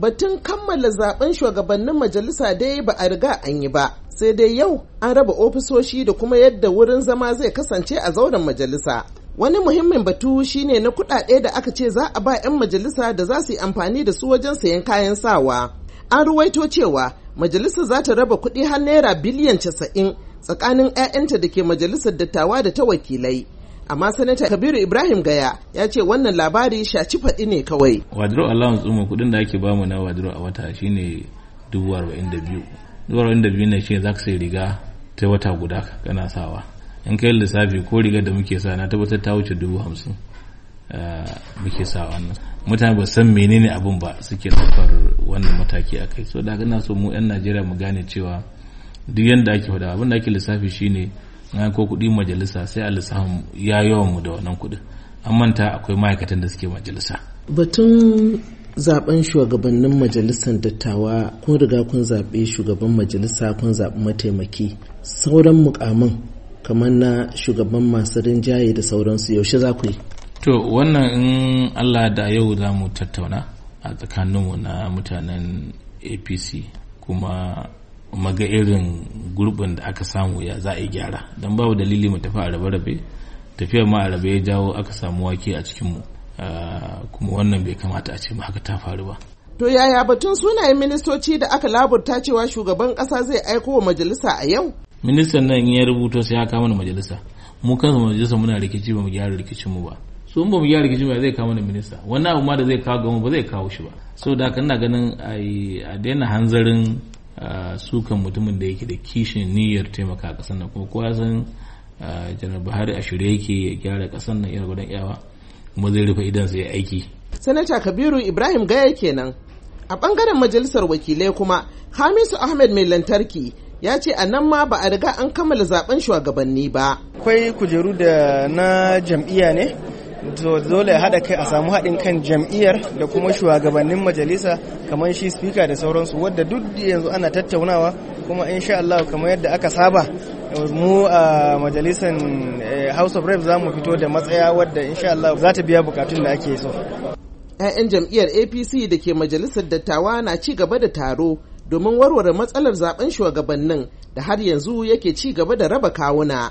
batun kammala zaben shugabannin majalisa dai ba a riga an yi ba sai dai yau an raba ofisoshi da kuma yadda wurin zama zai kasance a zauren majalisa wani muhimmin batu shine na kudade da aka ce za a ba 'yan majalisa da za su yi amfani da su wajen sayan kayan sawa an ruwaito cewa majalisa za ta raba kuɗi har naira biliyan 90 tsakanin 'ya'yanta da ke majalisar dattawa da ta wakilai amma sanata kabiru ibrahim gaya ya ce wannan labari shaci faɗi ne kawai wadro allowance ɗin kudin da ake bamu na wadro a wata shine dubu arba'in da biyu dubu arba'in da biyu ne shine za ka sai riga ta wata guda kana sawa in kai lissafi ko riga da muke sa na tabbatar ta wuce dubu hamsin eh, muke sa wannan mutane ba san menene abun ba suke ɗaukar wannan mataki a kai so da gana so mu 'yan najeriya mu gane cewa duk yadda ake faɗa abin da ake lissafi shine Eh, ko kuɗi majalisa sai a lissafin ya yawan mu da wannan kuɗin an manta akwai ma'aikatan da suke majalisa batun zaben shugabannin majalisar dattawa kun riga kun zaɓe shugaban majalisa kun zaɓi mataimaki sauran mukamin kamar na shugaban masu rinjaye da sauransu yaushe za ku yi to wannan in allah da yau za mu tattauna a tsakaninmu na mutanen apc kuma maga irin gurbin da aka samu ya za a yi gyara don babu dalili mu tafi a rabe-rabe tafiyar ma a rabe ya jawo aka samu wake a cikinmu ah, kuma wannan bai kamata a ce ba haka ta faru ba to yaya batun sunayen ministoci da aka laburta cewa shugaban kasa zai aiko wa majalisa a yau ministan nan in ya rubuto sai ya kama mana majalisa mu kansa majalisa muna rikici ba mu gyara rikicin mu ba su ba mu gyara rikicin ba zai kawo mana minista wani abu ma da zai kawo mu ba zai kawo shi ba so da haka ina ganin a daina hanzarin sukan mutumin da yake da kishin niyyar taimaka kasar nan kuma kowa san janar buhari a shirye yake gyara kasar nan irin gudan yawa kuma zai rufe idan sai aiki sanata kabiru ibrahim gaya kenan a bangaren majalisar wakilai kuma hamisu ahmed mai lantarki ya ce a nan ma ba a riga an kammala zaben shugabanni ba akwai kujeru da na jam'iyya ne dole ya haɗa kai a samu haɗin kan jam'iyyar da kuma shugabannin majalisa kamar shi spika da sauransu wadda duk yanzu ana tattaunawa kuma insha Allah kamar yadda aka saba mu a majalisar eh, House of Reps za mu fito da matsaya wadda insha Allah za ta biya bukatun da ake so. 'Ya'yan jam'iyyar APC da ke majalisar dattawa na ci gaba da taro domin warware matsalar zaben shugabannin da har yanzu yake ci gaba da raba kawuna.